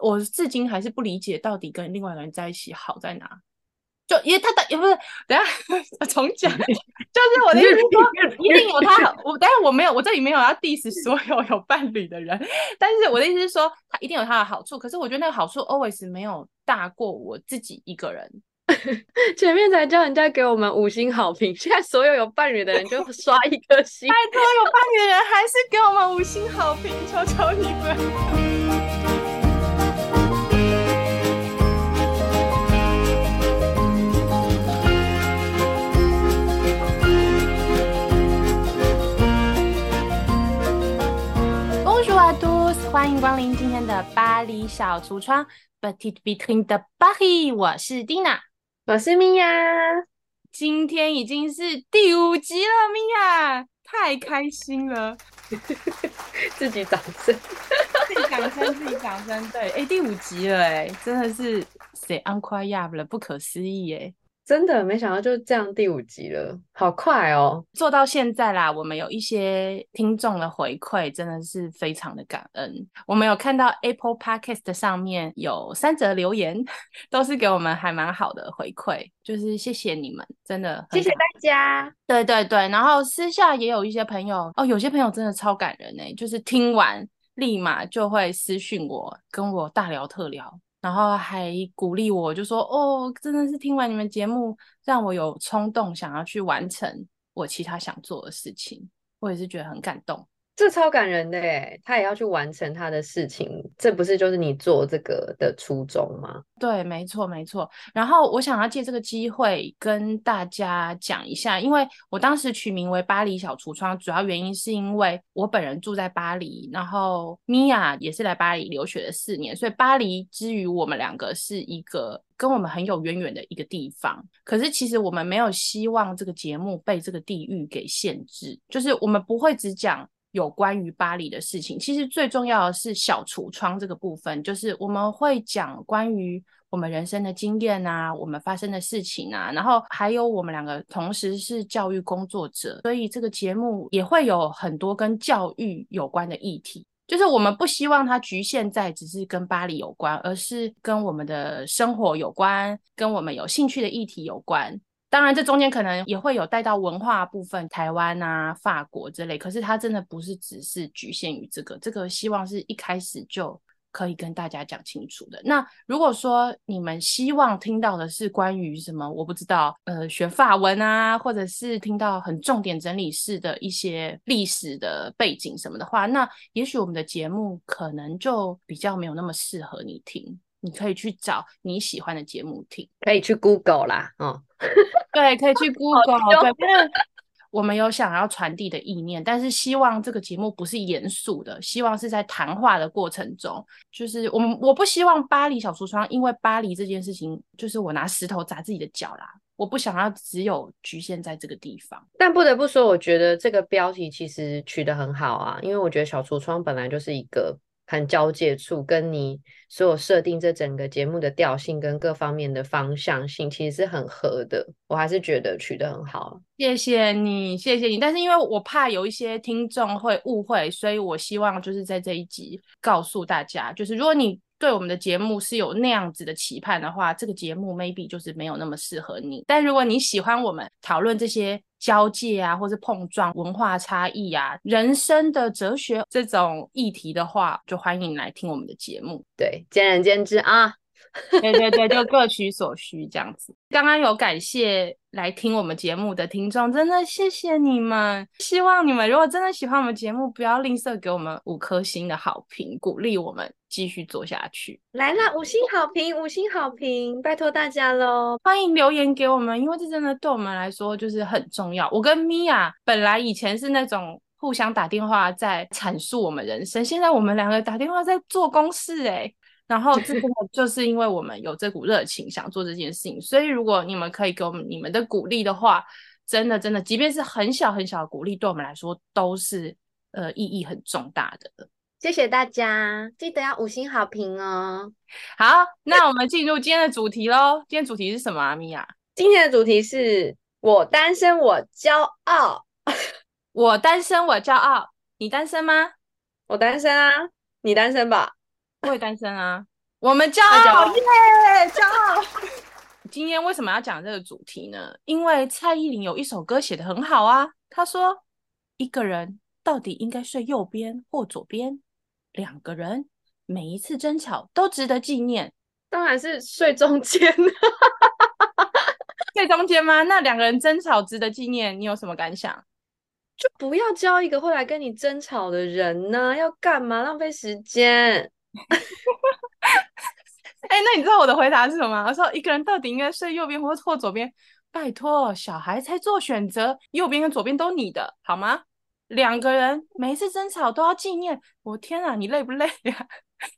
我至今還是不理解，到底跟另外一個人在一起好在哪兒？就因為他等也不是，等一下重講。 就是我的意思是說，一定有他， 我但是我沒有，我這裡沒有要 diss 所有有伴侶的人。但是我的意思是說，他一定有他的好處。可是我覺得那個好處 always 沒有大過我自己一個人。 前面才叫人家給我們五星好評，現在所有有伴侶的人就刷一個星。 拜托，有伴侶的人還是給我們五星好評，求求你們。歡迎光臨今天的巴黎小櫥窗，Petite Vitrine de Paris 我是 Dina，我是 Mia。今天已經是第五集了，Mia，太開心了！ 自己掌聲， 自己掌聲，自己掌聲。對，誒第五集了，哎，真的是，C'est incroyable，不可思議，真的沒想到就這樣第五集了，好快哦！做到現在啦，我們有一些聽眾的回饋，真的是非常的感恩。我們有看到 Apple Podcast 的上面有三則留言，都是給我們還蠻好的回饋，就是謝謝你們，真的謝謝大家。對對對，然後私下也有一些朋友哦，有些朋友真的超感人哎、欸，就是聽完立馬就會私訊我，跟我大聊特聊。然後還鼓勵我，就說：“哦，真的是聽完你們節目，讓我有衝動想要去完成我其他想做的事情。”我也是覺得很感動。這超感人的誒，他也要去完成他的事情，這不是就是你做這個的初衷嗎？對，沒錯，沒錯。然後我想要借這個機會跟大家講一下，因為我當時取名為巴黎小櫥窗，主要原因是因為我本人住在巴黎，然後米婭也是來巴黎留學了四年，所以巴黎之於我們兩個是一個跟我們很有淵源的一個地方。可是其實我們沒有希望這個節目被這個地域給限制，就是我們不會只講。有關於巴黎的事情，其實最重要的是小櫥窗這個部分，就是我們會講關於我們人生的經驗啊，我們發生的事情啊，然後還有我們兩個同時是教育工作者，所以這個節目也會有很多跟教育有關的議題，就是我們不希望它局限在只是跟巴黎有關，而是跟我們的生活有關，跟我們有興趣的議題有關。當然，這中間可能也會有帶到文化部分，台灣啊、法國之類。可是它真的不是只是局限於這個，這個希望是一開始就可以跟大家講清楚的。那如果說你們希望聽到的是關於什麼，我不知道，呃，學法文啊，或者是聽到很重點整理式的一些歷史的背景什麼的話，那也許我們的節目可能就比較沒有那麼適合你聽。你可以去找你喜歡的節目聽，可以去 Google 啦，嗯、哦， 對，可以去 Google。 對，我們有想要傳遞的意念，但是希望這個節目不是嚴肅的，希望是在談話的過程中，就是我們我不希望巴黎小櫥窗，因為巴黎這件事情就是我拿石頭砸自己的腳啦，我不想要只有局限在這個地方。但不得不說，我覺得這個標題其實取得很好啊，因為我覺得小櫥窗本來就是一個。很交界處，跟你所有設定這整個節目的調性跟各方面的方向性，其實是很合的。我還是覺得取得很好，謝謝你，謝謝你。但是因為我怕有一些聽眾會誤會，所以我希望就是在這一集告訴大家，就是如果你對我們的節目是有那樣子的期盼的話，這個節目 maybe 就是沒有那麼適合你。但如果你喜歡我們討論這些。交界啊，或是碰撞文化差異啊，人生的哲學這種議題的話，就歡迎你來聽我們的節目。對，見仁見智啊。 對對對，就各取所需這樣子。剛剛有感謝來聽我們節目的聽眾，真的謝謝你們。希望你們如果真的喜歡我們節目，不要吝嗇給我們五顆星的好評，鼓勵我們繼續做下去。來了，五星好評，五星好評，拜託大家嘍！歡迎留言給我們，因為這真的對我們來說就是很重要。我跟米婭本來以前是那種互相打電話在闡述我們人生，現在我們兩個打電話在做公事哎、欸。 然後，這個就是因為我們有這股熱情想做這件事情，所以如果你們可以給我們你們的鼓勵的話，真的真的，即便是很小很小的鼓勵，對我們來說都是呃意義很重大的。謝謝大家，記得要五星好評哦。好，那我們進入今天的主題嘍。今天主題是什麼啊，米婭？今天的主題是我單身我驕傲， 我單身我驕傲。你單身嗎？我單身啊。你單身吧？我也單身啊， 我們驕傲耶！驕傲。Yeah, 驕傲 今天為什麼要講這個主題呢？因為蔡依林有一首歌寫得很好啊。他說：“一個人到底應該睡右邊或左邊？兩個人每一次爭吵都值得紀念，當然是睡中間。 睡中間嗎？那兩個人爭吵值得紀念，你有什麼感想？就不要交一個會來跟你爭吵的人呢、啊，要幹嘛浪費？浪費時間。”哎、 欸，那你知道我的回答是什麼？我說一個人到底應該睡右邊或或左邊？拜托，小孩才做選擇，右邊跟左邊都你的，好嗎？兩個人每次爭吵都要紀念，我天啊，你累不累呀、啊？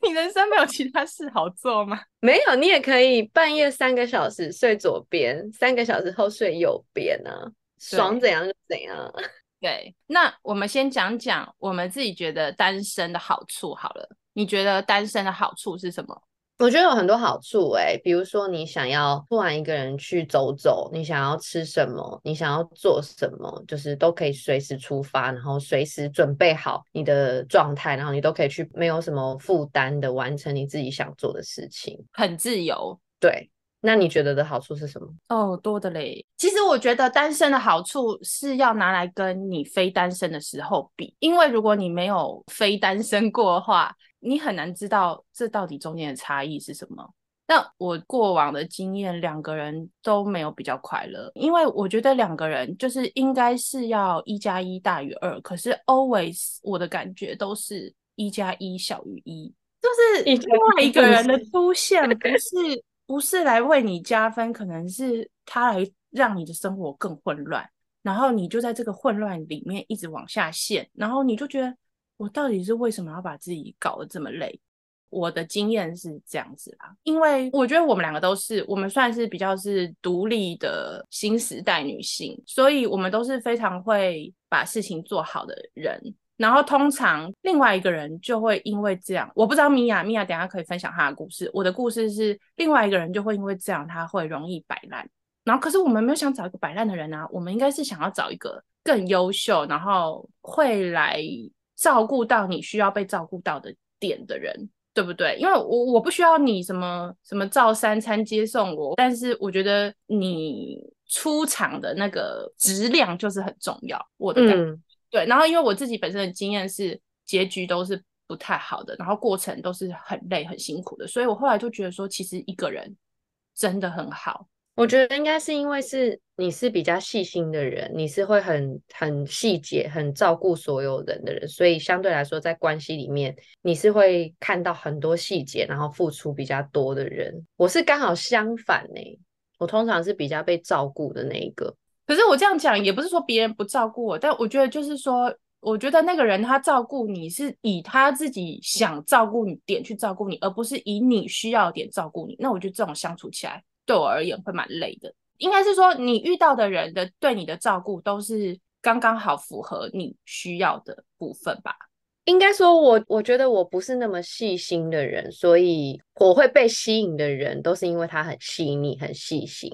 你人生沒有其他事好做嗎？沒有，你也可以半夜三個小時睡左邊，三個小時後睡右邊呢、啊，對爽怎樣就怎樣。對，那我們先講講我們自己覺得單身的好處好了。你覺得單身的好處是什麼？我覺得有很多好處誒，比如說你想要突然一個人去走走，你想要吃什麼，你想要做什麼，就是都可以隨時出發，然後隨時準備好你的狀態，然後你都可以去，沒有什麼負擔的完成你自己想做的事情，很自由。對，那你覺得的好處是什麼？哦，多的嘞。其實我覺得單身的好處是要拿來跟你非單身的時候比，因為如果你沒有非單身過的話。你很難知道這到底中間的差異是什麼。那我過往的經驗，兩個人都沒有比較快樂，因為我覺得兩個人就是應該是要一加一大於二，可是 always 我的感覺都是一加一小於一，就是你另外一個人的出現不是不是來為你加分，可能是他來讓你的生活更混亂，然後你就在這個混亂裡面一直往下陷，然後你就覺得。我到底是為什麼要把自己搞得這麼累？我的經驗是這樣子啦，因為我覺得我們兩個都是，我們算是比較是獨立的新時代女性，所以我們都是非常會把事情做好的人。然後通常另外一個人就會因為這樣，我不知道米婭，米婭等一下可以分享她的故事。我的故事是另外一個人就會因為這樣，他會容易擺爛。然後可是我們沒有想找一個擺爛的人啊，我們應該是想要找一個更優秀，然後會來照顧到你需要被照顧到的點的人，對不對？因為我我不需要你什麼什麼照三餐接送我，但是我覺得你出場的那個質量就是很重要。我的感覺。嗯。對，然後因為我自己本身的經驗是結局都是不太好的，然後過程都是很累很辛苦的，所以我後來就覺得說，其實一個人真的很好。我覺得應該是因為是你是比較細心的人，你是會很很細節、很照顧所有人的人，所以相對來說，在關係裡面，你是會看到很多細節，然後付出比較多的人。我是剛好相反呢、欸，我通常是比較被照顧的那一個。可是我這樣講也不是說別人不照顧我，但我覺得就是說，我覺得那個人他照顧你是以他自己想照顧你點去照顧你，而不是以你需要點照顧你。那我就這種相處起來。對我而言會蠻累的，應該是說你遇到的人的對你的照顧都是剛剛好符合你需要的部分吧。應該說我，我我覺得我不是那麼細心的人，所以我會被吸引的人都是因為他很細膩、很細心。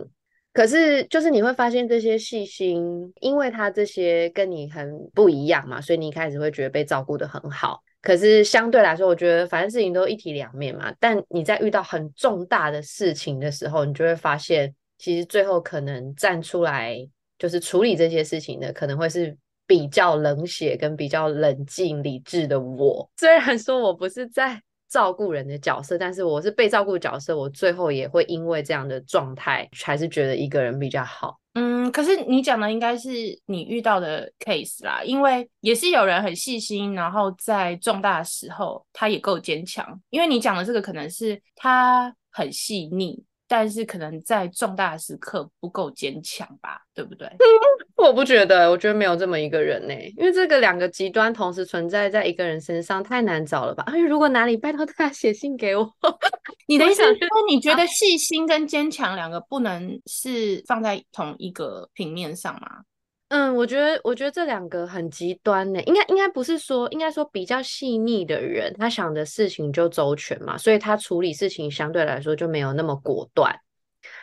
可是就是你會發現這些細心，因為他這些跟你很不一樣嘛，所以你一開始會覺得被照顧得很好。可是相對來說，我覺得反正事情都一體兩面嘛。但你在遇到很重大的事情的時候，你就會發現，其實最後可能站出來就是處理這些事情的，可能會是比較冷血跟比較冷靜理智的我。雖然說我不是在照顧人的角色，但是我是被照顧角色，我最後也會因為這樣的狀態，還是覺得一個人比較好。嗯，可是你講的應該是你遇到的 case 啦，因為也是有人很細心，然後在重大的時候他也夠堅強。因為你講的這個可能是他很細膩。但是可能在重大的時刻不夠堅強吧，對不對，嗯？我不覺得，我覺得沒有這麼一個人呢，欸，因為這個兩個極端同時存在在一個人身上太難找了吧。而、哎、如果哪裡拜託大家寫信給我。你的意思是說你覺得細心跟堅強兩個不能是放在同一個平面上嗎？嗯，我覺得，我覺得這兩個很極端呢，應該，應該不是說，應該說比較細膩的人，他想的事情就周全嘛，所以他處理事情相對來說就沒有那麼果斷。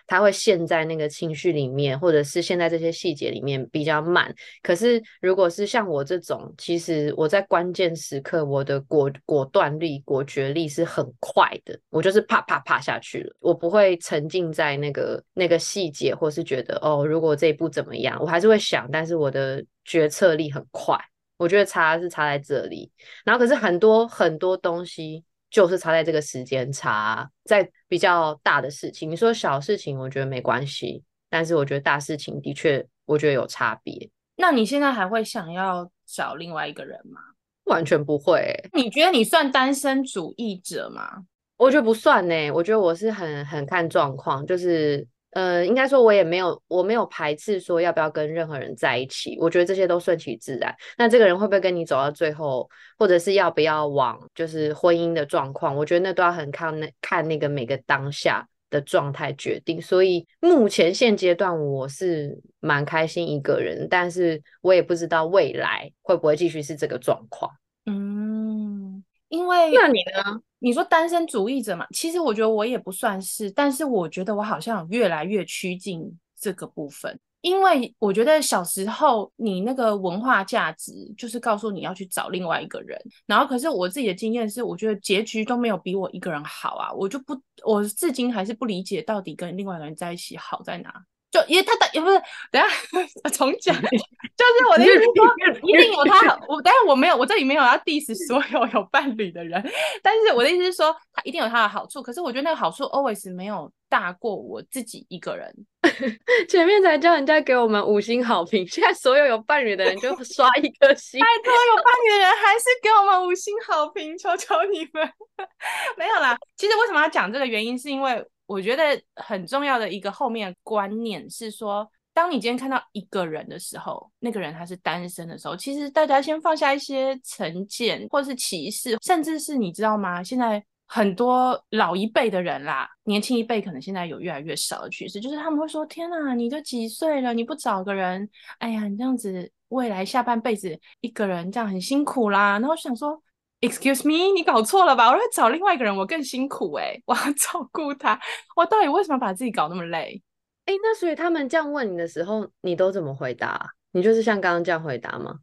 它會陷在那個情緒裡面，或者是陷在這些細節裡面比較慢。可是如果是像我這種，其實我在關鍵時刻，我的果果斷力、果決力是很快的。我就是啪啪啪下去了，我不會沉浸在那個那個細節，或是覺得哦，如果這一步怎麼樣，我還是會想。但是我的決策力很快，我覺得差是差在這裡。然後可是很多很多東西。就是差在這個時間差，在比較大的事情。你說小事情，我覺得沒關係，但是我覺得大事情的確，我覺得有差別。那你現在還會想要找另外一個人嗎？完全不會。你覺得你算單身主義者嗎？我覺得不算耶。我覺得我是很很看狀況，就是。呃，應該說我也沒有，我沒有排斥說要不要跟任何人在一起。我覺得這些都順其自然。那這個人會不會跟你走到最後，或者是要不要往就是婚姻的狀況？我覺得那都要很看那看那個每個當下的狀態決定。所以目前現階段我是蠻開心一個人，但是我也不知道未來會不會繼續是這個狀況。因為，那你呢？你說單身主義者嘛，其實我覺得我也不算是，但是我覺得我好像越來越趨近這個部分。因為我覺得小時候你那個文化價值就是告訴你要去找另外一個人，然後可是我自己的經驗是，我覺得結局都沒有比我一個人好啊，我就不，我至今還是不理解到底跟另外一個人在一起好在哪。就因為他的也不是，等一下重講， 就是我的意思是說，一定有他， 我但是我沒有，我這裡沒有要 diss 所有有伴侶的人。但是我的意思是說，他一定有他的好處。可是我覺得那個好處 always 沒有大過我自己一個人。 前面才叫人家給我們五星好評，現在所有有伴侶的人就刷一顆星。 拜托，有伴侶的人還是給我們五星好評，求求你們。 沒有啦，其實為什麼要講這個原因，是因為。我覺得很重要的一個後面的觀念是說，當你今天看到一個人的時候，那個人他是單身的時候，其實大家先放下一些成見或是歧視，甚至是你知道嗎？現在很多老一輩的人啦，年輕一輩可能現在有越來越少的趨勢，就是他們會說：“天哪，你都幾歲了，你不找個人？哎呀，你這樣子未來下半輩子一個人這樣很辛苦啦。”然後想說。Excuse me，你搞錯了吧？我要找另外一個人，我更辛苦哎、欸！我要照顧他，我到底為什麼把自己搞那麼累？哎，那所以他們這樣問你的時候，你都怎麼回答？你就是像剛剛這樣回答嗎？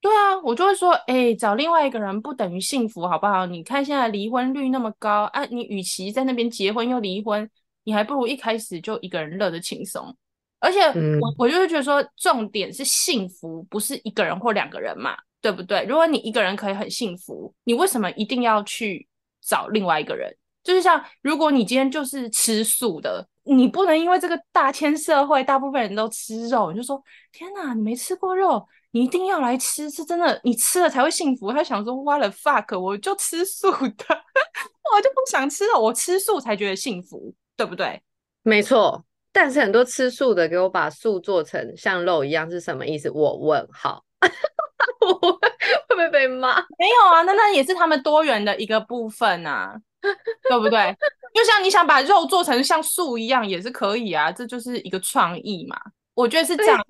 對啊，我就會說，哎，找另外一個人不等於幸福，好不好？你看現在離婚率那麼高，啊，你與其在那邊結婚又離婚，你還不如一開始就一個人樂得輕鬆。而且我，我、嗯、我就會覺得說，重點是幸福，不是一個人或兩個人嘛。對不對？如果你一個人可以很幸福，你為什麼一定要去找另外一個人？就是像如果你今天就是吃素的，你不能因為這個大千社會大部分人都吃肉，你就說天哪，你沒吃過肉，你一定要來吃，是真的，你吃了才會幸福。他想說，What the fuck？我就吃素的， 我就不想吃肉，我吃素才覺得幸福，對不對？沒錯。但是很多吃素的給我把素做成像肉一樣是什麼意思？我問好。 會 會被罵罵？沒有啊，那那也是他們多元的一個部分吶、啊， 對不對？就像你想把肉做成像樹一樣，也是可以啊，這就是一個創意嘛。我覺得是這樣，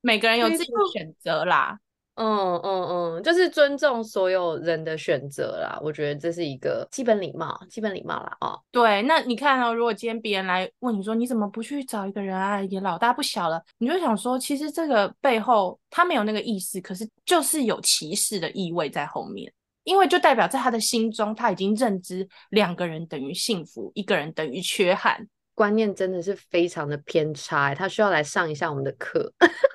每個人有自己的選擇啦。嗯嗯嗯，就是尊重所有人的選擇啦，我覺得這是一個基本禮貌，基本禮貌啦。哦，對，那你看哦，如果今天別人來問你說，你怎麼不去找一個人啊？也老大不小了，你就想說，其實這個背後他沒有那個意思，可是就是有歧視的意味在後面，因為就代表在他的心中，他已經認知兩個人等於幸福，一個人等於缺憾，觀念真的是非常的偏差，他需要來上一下我們的課。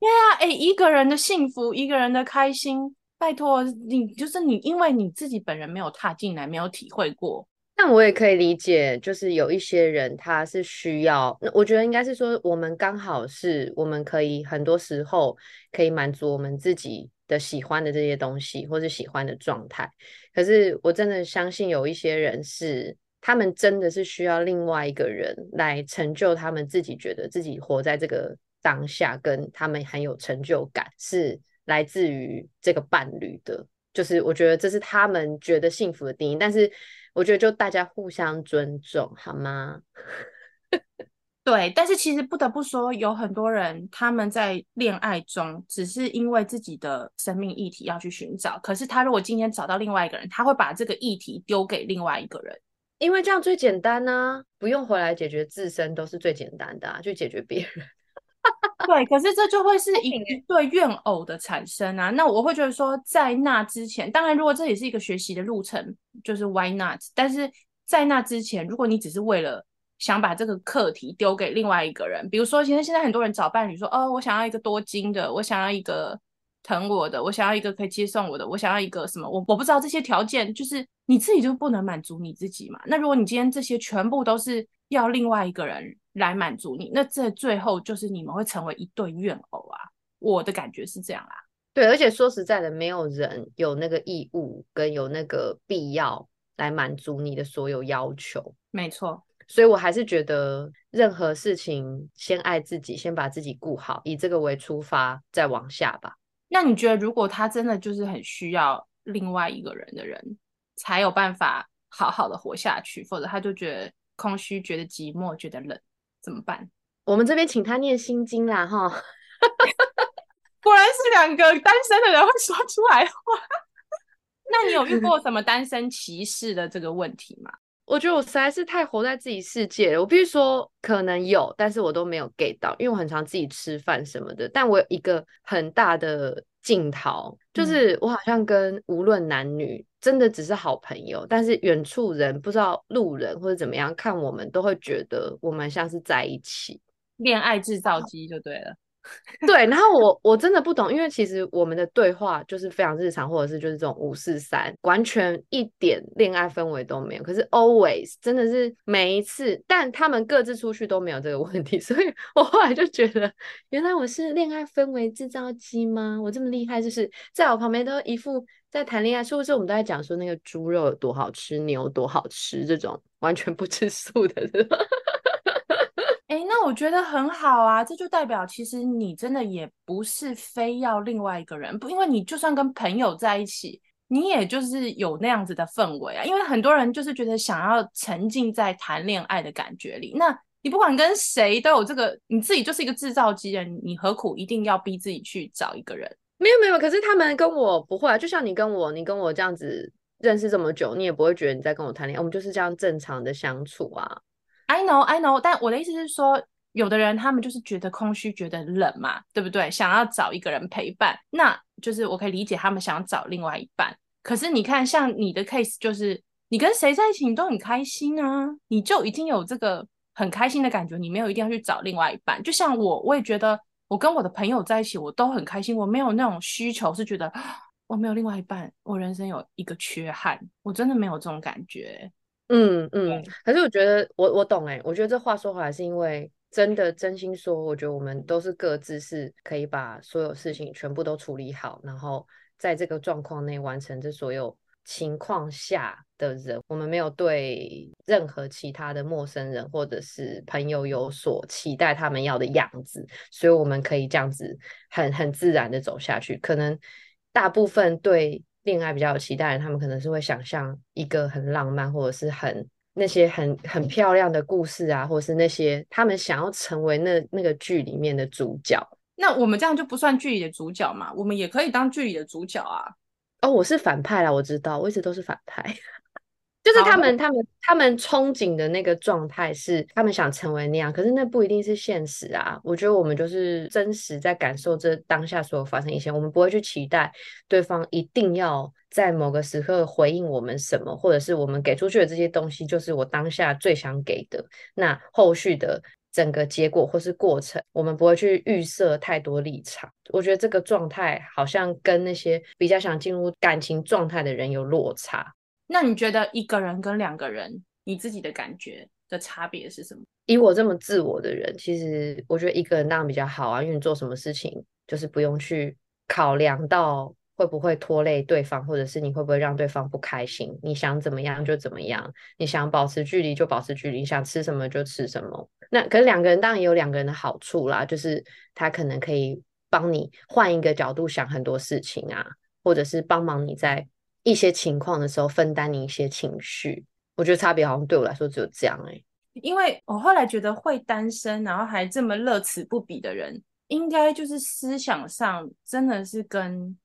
對啊，哎、yeah, 欸，一個人的幸福，一個人的開心，拜托你，就是你，因為你自己本人沒有踏進來，沒有體會過。那我也可以理解，就是有一些人他是需要，那我覺得應該是說，我們剛好是，我們可以很多時候可以滿足我們自己的喜歡的這些東西，或是喜歡的狀態。可是我真的相信，有一些人是，他們真的是需要另外一個人來成就他們自己，覺得自己活在這個。當下跟他們很有成就感，是來自於這個伴侶的，就是我覺得這是他們覺得幸福的定義。但是我覺得就大家互相尊重，好嗎？ 對，但是其實不得不說，有很多人他們在戀愛中，只是因為自己的生命議題要去尋找。可是他如果今天找到另外一個人，他會把這個議題丟給另外一個人，因為這樣最簡單呢、啊，不用回來解決自身都是最簡單的、啊，去解決別人。 對，可是這就會是一一對怨偶的產生啊。那我會覺得說，在那之前，當然，如果這也是一個學習的路程，就是 why not？但是在那之前，如果你只是為了想把這個課題丟給另外一個人，比如說，其實現在很多人找伴侶說，哦，我想要一個多金的，我想要一個疼我的，我想要一個可以接送我的，我想要一個什麼，我我不知道這些條件，就是你自己就不能滿足你自己嘛。那如果你今天這些全部都是要另外一個人，來滿足你，那這最後就是你們會成為一對怨偶啊！我的感覺是這樣啊。對，而且說實在的，沒有人有那個義務跟有那個必要來滿足你的所有要求。沒錯，所以我還是覺得任何事情先愛自己，先把自己顧好，以這個為出發，再往下吧。那你覺得，如果他真的就是很需要另外一個人的人，才有辦法好好的活下去，否則他就覺得空虛，覺得寂寞，覺得冷。怎麼辦？我們這邊請他念心經啦，哈， 果然是兩個單身的人會說出來話。 那你有遇過什麼單身歧視的這個問題嗎？我覺得我實在是太活在自己世界了。我必須說，可能有，但是我都沒有 get 到，因為我很常自己吃飯什麼的。但我有一個很大的鏡頭，就是我好像跟、嗯、無論男女，真的只是好朋友，但是遠處人不知道，路人或者怎麼樣看我們，都會覺得我們像是在一起，戀愛製造機就對了。 對，然後我我真的不懂，因為其實我們的對話就是非常日常，或者是就是這種五四三，完全一點戀愛氛圍都沒有。可是 always 真的是每一次，但他們各自出去都沒有這個問題，所以我後來就覺得，原來我是戀愛氛圍制造機嗎？我這麼厲害，就是在我旁邊都一副在談戀愛，是不是？我們都在講說那個豬肉有多好吃，牛有多好吃，這種完全不吃素的哎，那我覺得很好啊，這就代表其實你真的也不是非要另外一個人，不，因為你就算跟朋友在一起，你也就是有那樣子的氛圍啊。因為很多人就是覺得想要沉浸在談戀愛的感覺裡，那你不管跟誰都有這個，你自己就是一個制造機人，你何苦一定要逼自己去找一個人？沒有沒有，可是他們跟我不會啊，就像你跟我，你跟我這樣子認識這麼久，你也不會覺得你在跟我談戀愛，我們就是這樣正常的相處啊。I know, I know，但我的意思是說，有的人他們就是覺得空虛，覺得冷嘛，對不對？想要找一個人陪伴，那就是我可以理解他們想要找另外一半。可是你看，像你的 case，就是你跟誰在一起你都很開心啊，你就已經有這個很開心的感覺，你沒有一定要去找另外一半。就像我，我也覺得我跟我的朋友在一起，我都很開心，我沒有那種需求，是覺得我沒有另外一半，我人生有一個缺憾，我真的沒有這種感覺。嗯嗯，可是我覺得我我懂欸，我覺得這話說回來是因為真的真心說，我覺得我們都是各自是可以把所有事情全部都處理好，然後在這個狀況內完成這所有情況下的人，我們沒有對任何其他的陌生人或者是朋友有所期待他們要的樣子，所以我們可以這樣子很很自然的走下去。可能大部分對。戀愛比較有期待的人，他們可能是會想象一個很浪漫或者是很那些很很漂亮的故事啊，或者是那些他們想要成為那那個劇裡面的主角。那我們這樣就不算劇裡的主角嘛？我們也可以當劇裡的主角啊。哦，我是反派啦，我知道，我一直都是反派。就是他們，好他們，他們憧憬的那個狀態是他們想成為那樣，可是那不一定是現實啊。我覺得我們就是真實在感受這當下所有發生一些，我們不會去期待對方一定要在某個時刻回應我們什麼，或者是我們給出去的這些東西就是我當下最想給的。那後續的整個結果或是過程，我們不會去預設太多立場。我覺得這個狀態好像跟那些比較想進入感情狀態的人有落差。那你覺得一個人跟兩個人，你自己的感覺的差別是什麼？以我這麼自我的人，其實我覺得一個人當然比較好啊，因為你做什麼事情就是不用去考量到會不會拖累對方，或者是你會不會讓對方不開心，你想怎麼樣就怎麼樣，你想保持距離就保持距離，你想吃什麼就吃什麼。那可是兩個人當然也有兩個人的好處啦，就是他可能可以幫你換一個角度想很多事情啊，或者是幫忙你在。一些情況的時候分擔你一些情緒，我覺得差別好像對我來說只有這樣哎、欸，因為我後來覺得會單身，然後還這麼樂此不疲的人，應該就是思想上真的是跟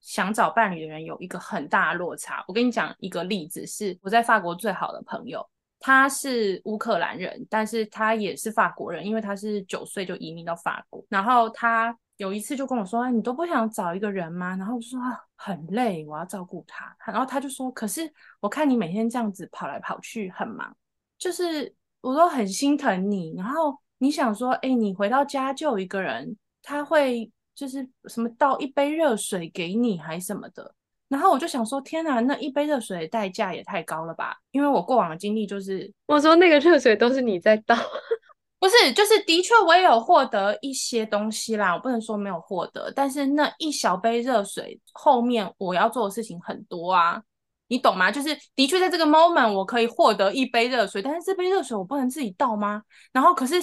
想找伴侶的人有一個很大的落差。我跟你講一個例子，是我在法國最好的朋友，他是烏克蘭人，但是他也是法國人，因為他是九歲就移民到法國，然後他。有一次就跟我說，哎，你都不想找一個人嗎？然後我說啊，很累，我要照顧他。然後他就說，可是我看你每天這樣子跑來跑去，很忙，就是我都很心疼你。然後你想說，欸，你回到家就一個人，他會就是什麼倒一杯熱水給你，還什麼的。然後我就想說，天哪，那一杯熱水的代價也太高了吧？因為我過往的經歷就是，我說那個熱水都是你在倒。不是，就是的確，我也有獲得一些東西啦，我不能說沒有獲得。但是那一小杯熱水後面，我要做的事情很多啊，你懂嗎？就是的確，在這個 moment，我可以獲得一杯熱水，但是這杯熱水我不能自己倒嗎？然後可是，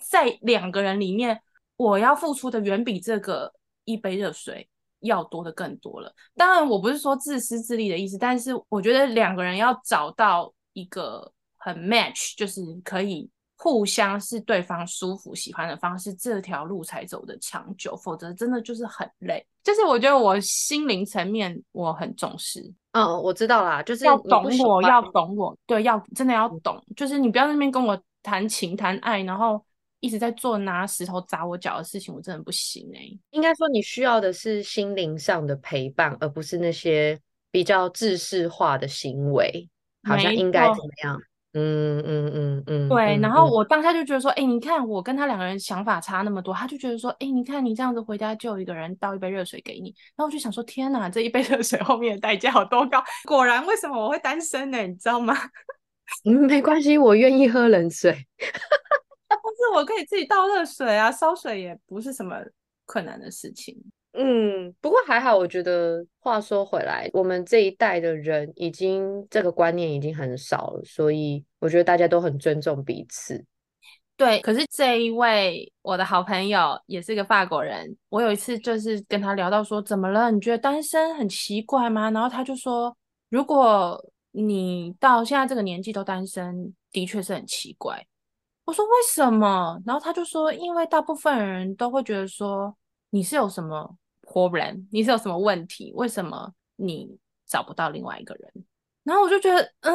在兩個人裡面，我要付出的遠比這個一杯熱水要多得更多了。當然，我不是說自私自利的意思，但是我覺得兩個人要找到一個很 match，就是可以。互相是對方舒服、喜歡的方式，這條路才走得長久，否則真的就是很累。就是我覺得我心靈層面我很重視。嗯、哦，我知道啦，就是要懂我，要懂我，對，要真的要懂。就是你不要在那邊跟我談情談愛，然後一直在做拿石頭砸我腳的事情，我真的不行誒、欸。應該說你需要的是心靈上的陪伴，而不是那些比較製式化的行為，好像應該怎麼樣？嗯嗯嗯嗯嗯，嗯嗯嗯對。嗯、然後我當下就覺得說，哎、欸，欸、你看我跟他兩個人想法差那麼多，他就覺得說，哎、欸，你看你這樣子回家就有一個人倒一杯熱水給你。然後我就想說，天哪，這一杯熱水後面的代價有多高？果然，為什麼我會單身呢？你知道嗎？嗯、沒關係，我願意喝冷水，不 是我可以自己倒熱水啊，燒水也不是什麼困難的事情。嗯，不過還好，我覺得話說回來，我們這一代的人已經這個觀念已經很少了，所以我覺得大家都很尊重彼此。對，可是這一位我的好朋友也是個法國人，我有一次就是跟他聊到說，怎麼了？你覺得單身很奇怪嗎？然後他就說，如果你到現在這個年紀都單身，的確是很奇怪。我說為什麼？然後他就說，因為大部分人都會覺得說你是有什麼？不然你是有什麼問題？為什麼你找不到另外一個人？然後我就覺得，嗯，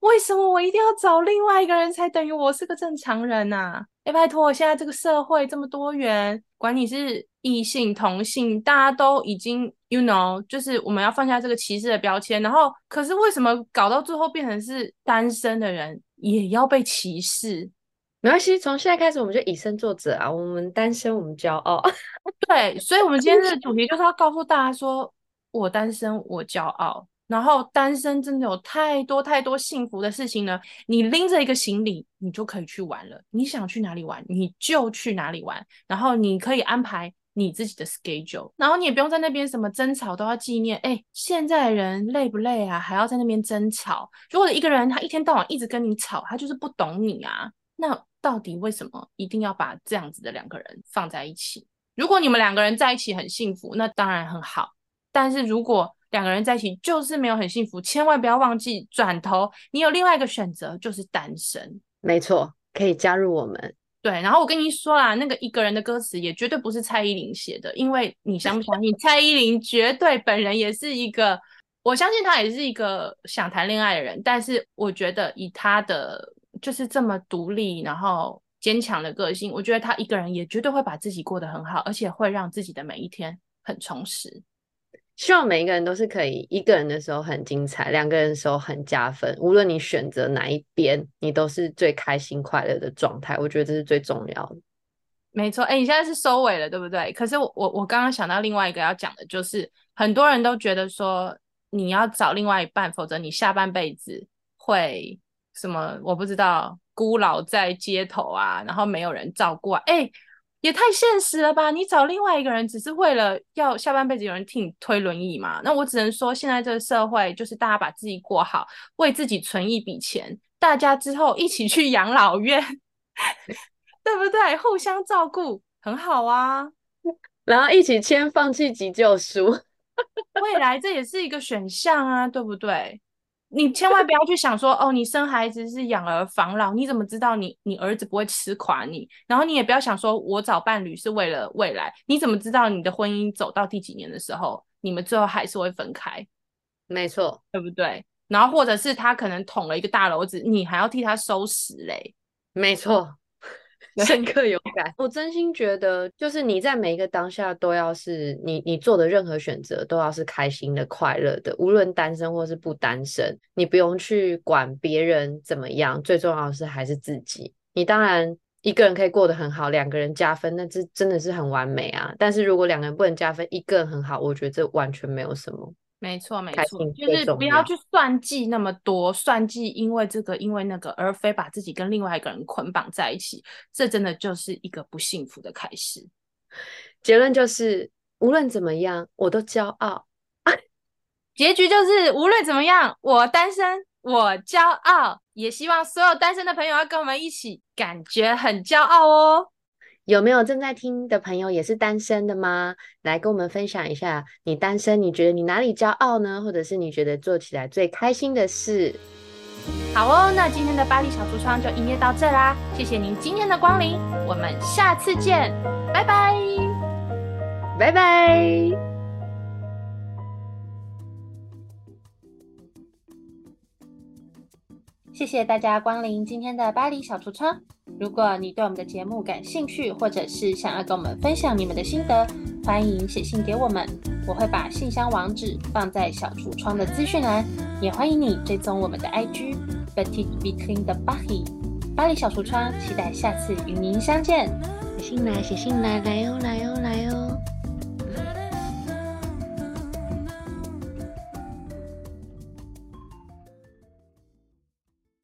為什麼我一定要找另外一個人才等於我是個正常人吶、啊？哎、欸，拜託，現在這個社會這麼多元，管你是異性同性，大家都已經 you know，就是我們要放下這個歧視的標籤。然後可是為什麼搞到最後變成是單身的人也要被歧視？沒關係，從現在開始我們就以身作則啊！我們單身，我們驕傲。 對，所以，我們今天的主題就是要告訴大家說，我單身，我驕傲。然後，單身真的有太多太多幸福的事情呢。你拎着一個行李，你就可以去玩了。你想去哪裡玩，你就去哪裡玩。然後，你可以安排你自己的 schedule。然後，你也不用在那邊什麼爭吵都要紀念。哎、欸，現在的人累不累啊？還要在那邊爭吵？如果一個人他一天到晚一直跟你吵，他就是不懂你啊。那。到底為什麼一定要把這樣子的兩個人放在一起？如果你們兩個人在一起很幸福，那當然很好。但是如果兩個人在一起就是沒有很幸福，千萬不要忘記轉頭，你有另外一個選擇，就是單身。沒錯，可以加入我們。對，然後我跟你說啦、啊，那個一個人的歌詞也絕對不是蔡依林寫的，因為你相不相信？ 蔡依林絕對本人也是一個，我相信他也是一個想談戀愛的人，但是我覺得以他的。就是這麼獨立，然後堅強的個性，我覺得他一個人也絕對會把自己過得很好，而且會讓自己的每一天很充實。希望每一個人都是可以一個人的時候很精彩，兩個人的時候很加分。無論你選擇哪一邊，你都是最開心快樂的狀態。我覺得這是最重要的。沒錯，哎，你現在是收尾了，對不對？可是我我剛剛想到另外一個要講的，就是很多人都覺得說你要找另外一半，否則你下半輩子會。什麼我不知道，孤老在街頭啊，然後沒有人照顧、啊，哎、欸，也太現實了吧！你找另外一個人，只是為了要下半輩子有人替你推輪椅嘛。那我只能說，現在這個社會就是大家把自己過好，為自己存一筆錢，大家之後一起去養老院， 對不對？互相照顧，很好啊。然後一起簽放棄急救書， 未來這也是一個選項啊，對不對？你千萬不要去想說，哦，你生孩子是養兒防老，你怎麼知道你你兒子不會吃垮你？然後你也不要想說，我找伴侶是為了未來，你怎麼知道你的婚姻走到第幾年的時候，你們最後還是會分開？沒錯，對不對？然後或者是他可能捅了一個大簍子，你還要替他收拾嘞？沒錯。對深刻勇敢。我真心覺得，就是你在每一個當下都要是你，你做的任何選擇都要是開心的、快樂的，無論單身或是不單身，你不用去管別人怎麼樣，最重要的是還是自己。你當然一個人可以過得很好，兩個人加分，那這真的是很完美啊。但是如果兩個人不能加分，一個人很好，我覺得這完全沒有什麼。沒錯，沒錯，就是不要去算計那麼多，算計因為這個，因為那個，而非把自己跟另外一個人捆綁在一起，這真的就是一個不幸福的開始。結論就是，無論怎麼樣，我都驕傲。啊，結局就是，無論怎麼樣，我單身，我驕傲。也希望所有單身的朋友要跟我們一起，感覺很驕傲哦。有沒有正在聽的朋友也是單身的嗎？來跟我們分享一下你單身，你覺得你哪裡驕傲呢？或者是你覺得做起來最開心的事？好哦，那今天的巴黎小櫥窗就營業到這啦！謝謝您今天的光臨，我們下次見，拜拜，拜拜。謝謝大家光臨今天的巴黎小櫥窗。如果你對我們的節目感興趣，或者是想要跟我們分享你們的心得，歡迎寫信給我們，我會把信箱網址放在小櫥窗的資訊欄。也歡迎你追蹤我們的 IG，Petite Vitrine de Paris。巴黎小櫥窗，期待下次與您相見。寫信來，寫信來，來喲，來喲，來喲。